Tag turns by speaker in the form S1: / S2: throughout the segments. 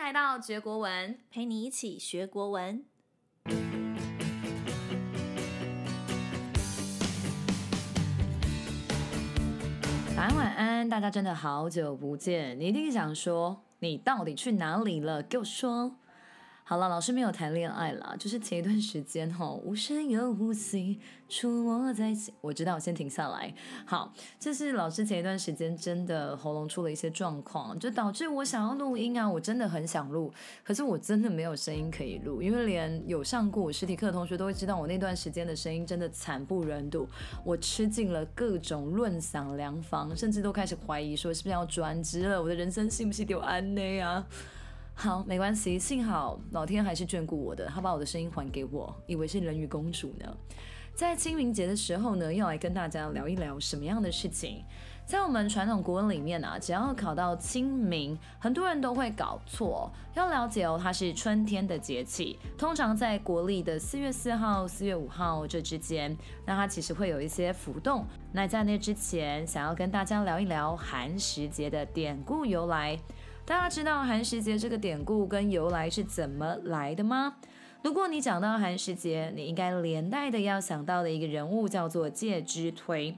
S1: 來到嚼國文，陪你一起學國文。晚安，晚安，大家真的好久不見，你一定想說，你到底去哪裡了？給我說。好了，老師沒有談戀愛了，就是前一段時間吼無聲又無息，出沒在，我知道，我先停下來。好，這，就是老師前一段時間真的喉嚨出了一些狀況，就導致我想要錄音啊，我真的很想錄，可是我真的沒有聲音可以錄，因為連有上過我實體課的同學都會知道，我那段時間的聲音真的慘不忍睹，我吃盡了各種潤嗓良方，甚至都開始懷疑說是不是要轉職了，我的人生是不是得安內啊？好，沒關係，幸好老天還是眷顧我的，他把我的聲音還給我，以為是人魚公主呢。在清明節的時候呢，要來跟大家聊一聊什麼樣的事情？在我們傳統國文裡面啊，只要考到清明，很多人都會搞錯。要了解哦，它是春天的節氣，通常在國曆的四月四號、四月五號這之間。那它其實會有一些浮動。那在那之前，想要跟大家聊一聊寒食節的典故由來。大家知道寒食節這個典故跟由來是怎麼來的嗎？如果你講到寒食節，你應該連帶的要想到的一個人物叫做介之推。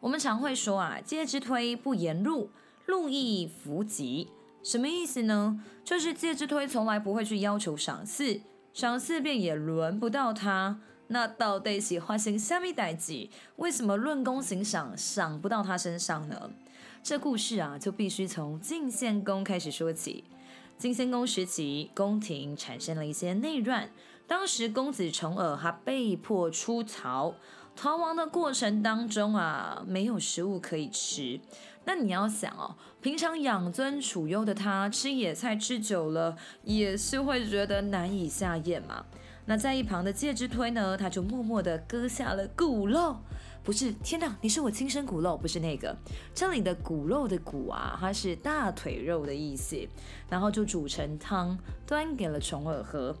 S1: 我們常會說啊，介之推不言祿，祿亦弗及。什麼意思呢？就是介之推從來不會去要求賞賜，賞賜便也輪不到他。那到底係發生蝦米代誌？為什麼論功行賞，賞不到他身上呢？這故事啊，就必須從晉獻公開始說起。晉獻公時期，宮廷產生了一些內亂，當時公子重耳他被迫出逃。逃亡的過程當中啊，沒有食物可以吃。那你要想哦，平常養尊處優的他，吃野菜吃久了，也是會覺得難以下嚥嘛。那在一旁的介之推呢，他就默默地割下了股肉。不是，天哪！你是我親生骨肉，不是那個這裡的骨肉的骨啊，它是大腿肉的意思。然後就煮成湯，端給了重耳喝。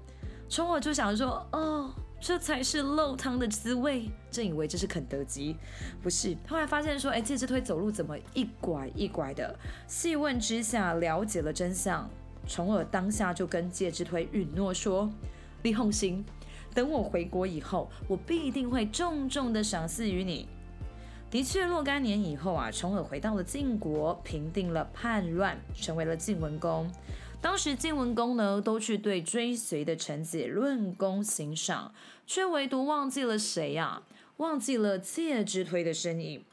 S1: 重耳就想說，哦，這才是肉湯的滋味。正以為這是肯德基，不是。後來發現說，哎，介之推走路怎麼一拐一拐的？細問之下，了解了真相。重耳當下就跟介之推允諾說，李宏心。等我回國以後，我必定會重重的賞賜於你。的確，若干年以後啊，重耳回到了晉國，平定了叛亂，成為了晉文公。當時晉文公呢，都去對追隨的臣子論功行賞，卻唯獨忘記了誰呀、啊？忘記了介之推的身影。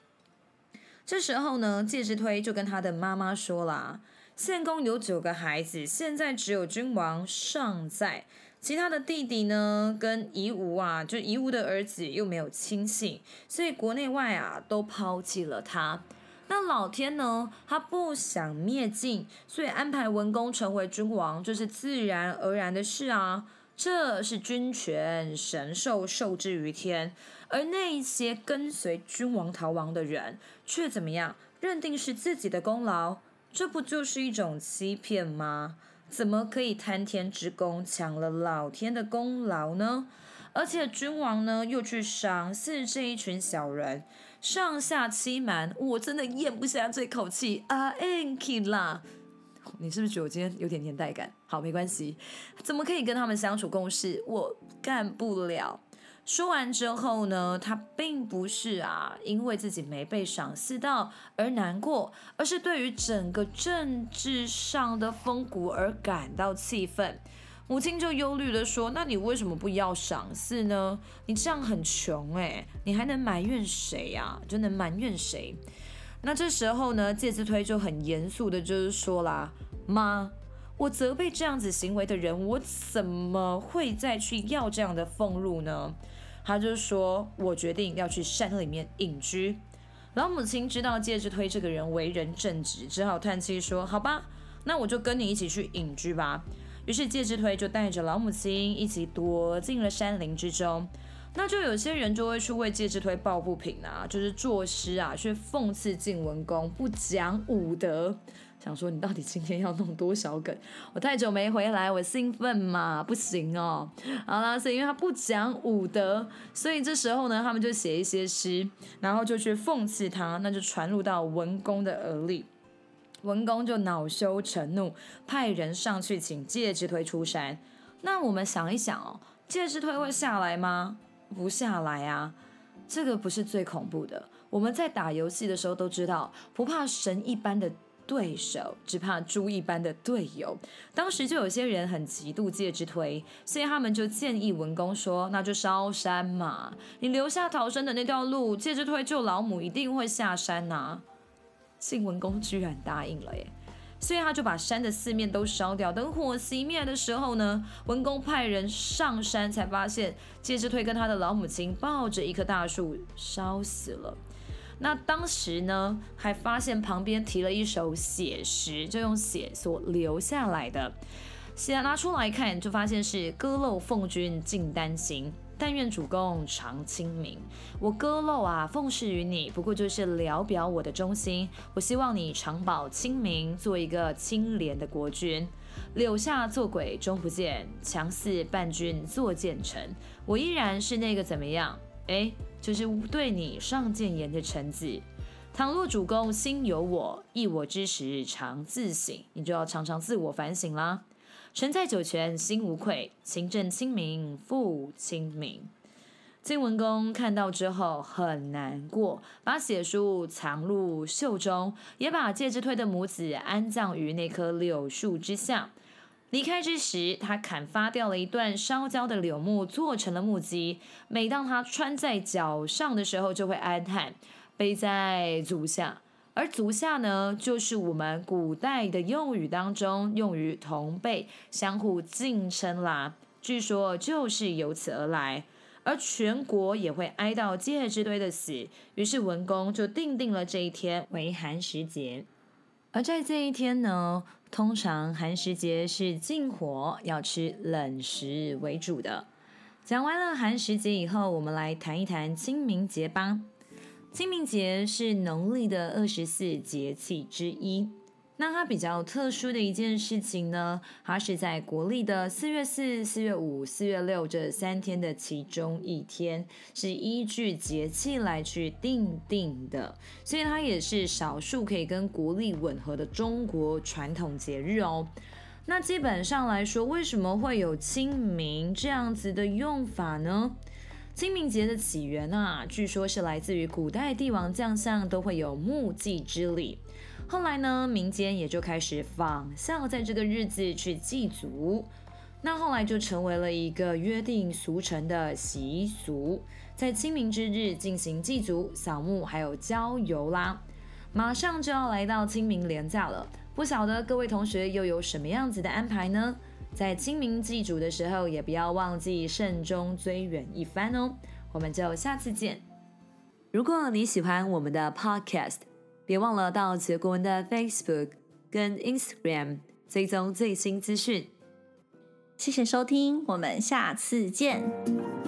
S1: 這時候呢，介之推就跟他的媽媽說了：“獻公有九個孩子，現在只有君王尚在。”其他的弟弟呢，跟夷吾啊，就夷吾的兒子又沒有親信，所以國內外啊都拋棄了他。那老天呢，他不想滅晉，所以安排文公成為君王，就是自然而然的事啊。這是君權神授受之於天。而那一些跟隨君王逃亡的人，卻怎麼樣？認定是自己的功勞，這不就是一種欺騙嗎？怎麼可以貪天之功，搶了老天的功勞呢？而且君王呢，又去賞賜這一群小人，上下欺瞞，我真的咽不下這口氣啊！Anki 啦，你是不是覺得我今天有點年代感？好，沒關係，怎麼可以跟他們相處共事，我幹不了。說完之後呢，他並不是啊，因為自己沒被賞賜到而難過，而是對於整個政治上的風骨而感到氣憤。母親就憂慮地說：“那你為什麼不要賞賜呢？你這樣很窮哎、欸，你還能埋怨誰呀、啊？就能埋怨誰？”那這時候呢，介之推就很嚴肅的，就是說啦，媽。我責備這樣子行為的人，我怎麼會再去要這樣的俸祿呢？他就說，我決定要去山裡面隱居。老母親知道介之推這個人為人正直，只好嘆氣說：“好吧，那我就跟你一起去隱居吧。”於是介之推就帶着老母親一起躲進了山林之中。那就有些人就會去為介之推抱不平啊，就是作詩啊，去諷刺晉文公不講武德。想說你到底今天要弄多少梗？我太久沒回來，我興奮嘛？不行哦。好啦，所以因為他不講武德，所以這時候呢，他們就寫一些詩，然後就去諷刺他，那就傳入到文公的耳裡。文公就惱羞成怒，派人上去請介之推出山。那我們想一想哦，介之推會下來嗎？不下來啊。這個不是最恐怖的。我們在打遊戲的時候都知道，不怕神一般的，對手只怕豬一般的隊友。當時就有些人很嫉妒介之推，所以他們就建議文公說：“那就燒山嘛，你留下逃生的那條路，介之推救老母一定會下山吶、啊。”晉文公居然答應了耶，所以他就把山的四面都燒掉。等火熄滅的時候呢，文公派人上山才發現，介之推跟他的老母親抱着一棵大樹燒死了。那當時呢，還發現旁邊提了一首血詩，就用血所留下來的，現拿出來看，就發現是“割肉奉君盡丹心，但願主公常清明”。我割肉啊，奉事於你，不過就是聊表我的忠心。我希望你常保清明，做一個清廉的國君。柳下做鬼終不見，強似伴君作諫臣。我依然是那個怎麼樣？哎、欸。就是對你上諫言的臣子，倘若主公心有我，憶我之時常自省。你就要常常自我反省啦。臣在九泉心無愧，勤政清明復清明。晉文公看到之後很難過，把血書藏入袖中，也把介之推的母子安葬於那棵柳樹之下。離開之時，他砍伐掉了一段燒焦的柳木，做成了木屐。每當他穿在腳上的時候，就會哀嘆，悲在足下。而足下呢，就是我們古代的用語當中用於同輩相互敬稱啦。據說就是由此而來。而全國也會哀悼介之推的死，於是文公就定定了這一天為寒食節。而在這一天呢，通常寒食節是禁火，要吃冷食為主的。講完了寒食節以後，我們來談一談清明節吧。清明節是農曆的二十四節氣之一。那它比較特殊的一件事情呢，它是在國曆的四月四、四月五、四月六這三天的其中一天，是依據節氣來去定定的，所以它也是少數可以跟國曆吻合的中國傳統節日哦。那基本上來說，為什麼會有清明這樣子的用法呢？清明節的起源啊，據說是來自於古代帝王將相都會有墓祭之禮。後來呢，民間也就開始仿效，在這個日子去祭祖，那後來就成為了一個約定俗成的習俗，在清明之日進行祭祖、掃墓，還有郊遊啦。馬上就要來到清明連假了，不曉得各位同學又有什麼樣子的安排呢？在清明祭祖的時候，也不要忘記慎終追遠一番哦。我們就下次見。如果你喜歡我們的 Podcast。別忘了到嚼國文的 Facebook 跟 Instagram 追蹤最新資訊。謝謝收聽，我們下次見。